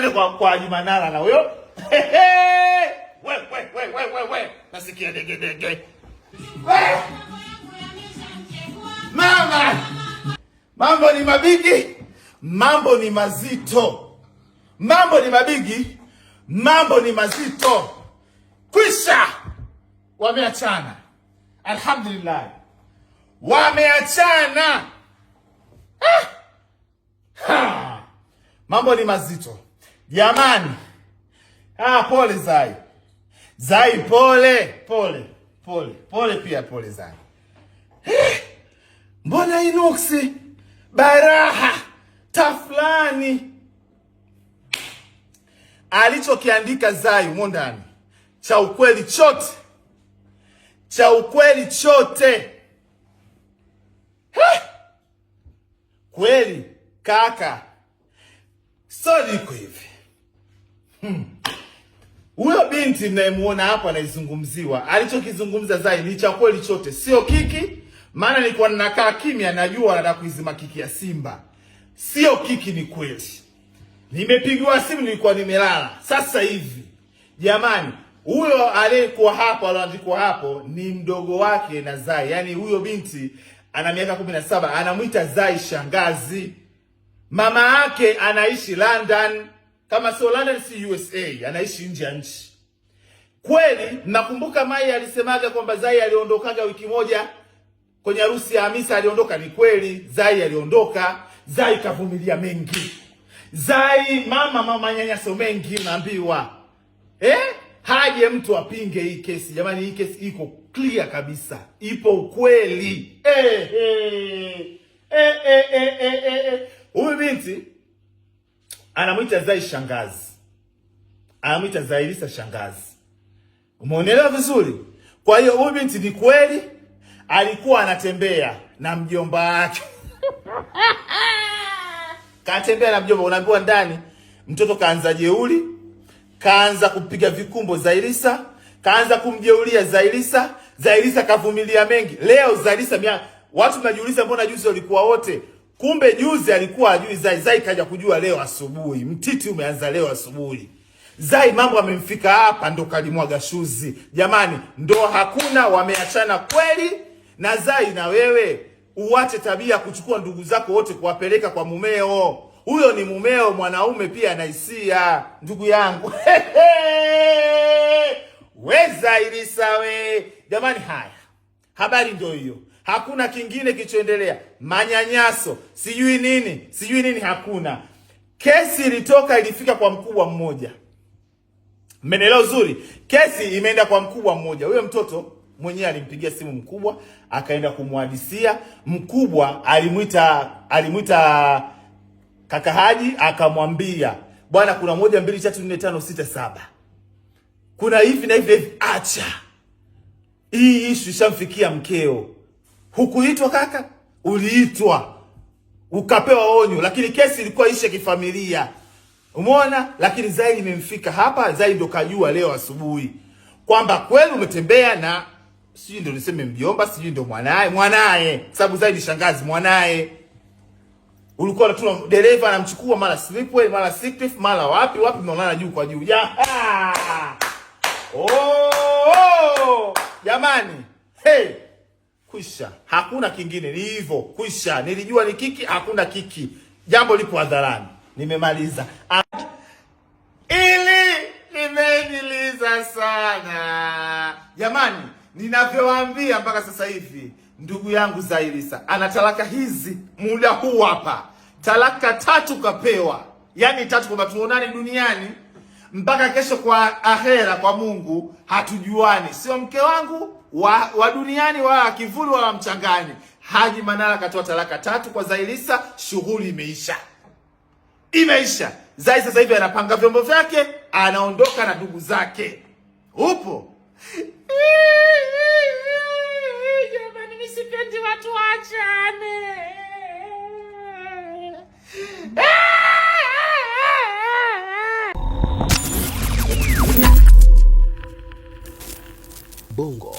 twende kwa, kwa Jumanara na huyo we, we, we, we, we, we. Nasikia dege dege mama, mambo ni mabigi, mambo ni mazito, mambo ni mabigi, mambo ni mazito. Kwisha wameachana, alhamdulillah, wameachana. Ah. Ha. Mambo ni mazito. Jamani, ah, pole Zai. Zai pole, pole, pole, pole pia pole Zai. Eh, mbona inuksi baraha tafulani alichokiandika Zai mundani cha ukweli chote cha ukweli chote eh, kweli kaka, stori iko hivi Hmm. Huyo hmm, binti mnayemuona hapo anaizungumziwa, alichokizungumza Zai ni cha kweli chote, sio kiki. Maana nilikuwa ninakaa kimya, najua anataka kuizima kiki ya Simba. Sio kiki, ni kweli. Nimepigiwa simu, nilikuwa nimelala. Sasa hivi jamani, huyo aliyekuwa hapo alioandikwa hapo ni mdogo wake na Zai, yaani huyo binti ana miaka kumi na saba, anamwita Zai shangazi. Mama yake anaishi London kama sio London si USA, anaishi nje ya nchi kweli. Nakumbuka Mai alisemaga kwamba Zai aliondokaga wiki moja kwenye harusi ya Hamisa, aliondoka. Ni kweli, Zai aliondoka. Zai kavumilia mengi, Zai mama mama nyanyaso mengi naambiwa, eh? Haje mtu apinge hii kesi jamani, hii kesi iko clear kabisa, ipo ukweli. Eh, eh, eh, eh, eh, eh, eh. eh. binti anamwita Zai shangazi, anamwita Zailisa shangazi. Umeonelewa vizuri? Kwa hiyo huyu binti ni kweli alikuwa anatembea na mjomba wake katembea na mjomba, unaambiwa ndani, mtoto kaanza jeuli, kaanza kupiga vikumbo Zailisa, kaanza kumjeulia Zailisa. Zailisa kavumilia mengi. Leo Zailisa mia, watu mnajiuliza mbona juzi walikuwa wote Kumbe juzi alikuwa ajui Zai. Zai kaja kujua leo asubuhi, mtiti umeanza leo asubuhi. Zai mambo amemfika hapa, ndo kalimwaga shuzi. Jamani, ndo hakuna wameachana kweli. Na Zai, na wewe uwache tabia ya kuchukua ndugu zako wote kuwapeleka kwa mumeo. Huyo ni mumeo, mwanaume pia ana hisia, ndugu yangu weza ilisawe Jamani, haya habari ndio hiyo hakuna kingine kilichoendelea, manyanyaso, sijui nini, sijui nini, hakuna. Kesi ilitoka ilifika kwa mkubwa mmoja, mmenielewa uzuri. Kesi imeenda kwa mkubwa mmoja, huyo mtoto mwenyewe alimpigia simu mkubwa, akaenda kumwadisia mkubwa. Alimwita alimwita kaka Haji, akamwambia bwana, kuna moja mbili tatu nne tano sita saba, kuna hivi na hivi, acha hii ishu ishamfikia mkeo Hukuitwa kaka, uliitwa ukapewa onyo, lakini kesi ilikuwa ishe kifamilia, umeona. Lakini Zai imemfika hapa, Zai ndo kajua leo asubuhi kwamba kweli umetembea na sijui ndo niseme mjomba, sijui ndo mwanaye mwanaye, sababu Zai shangazi mwanaye. Ulikuwa unatuma dereva anamchukua mara Slipway mara Sikif mara wapi wapi, mnaonana juu kwa juu ja ah! oh, oh, jamani hey kwisha, hakuna kingine, ni hivyo kwisha. Nilijua ni kiki, hakuna kiki, jambo lipo hadharani, nimemaliza. Ili nimejiliza sana jamani, ninavyowaambia mpaka sasa hivi, ndugu yangu Zailisa ana talaka hizi muda huu hapa, talaka tatu kapewa, yani tatu, kwamba tuonane duniani mpaka kesho kwa ahera kwa Mungu hatujuani, sio mke wangu wa, wa duniani wala kivuli wala mchangani. Haji Manara akatoa talaka tatu kwa Zailisa, shughuli imeisha, imeisha. Zai sasa hivi anapanga vyombo vyake, anaondoka na ndugu zake. Upo Bongo.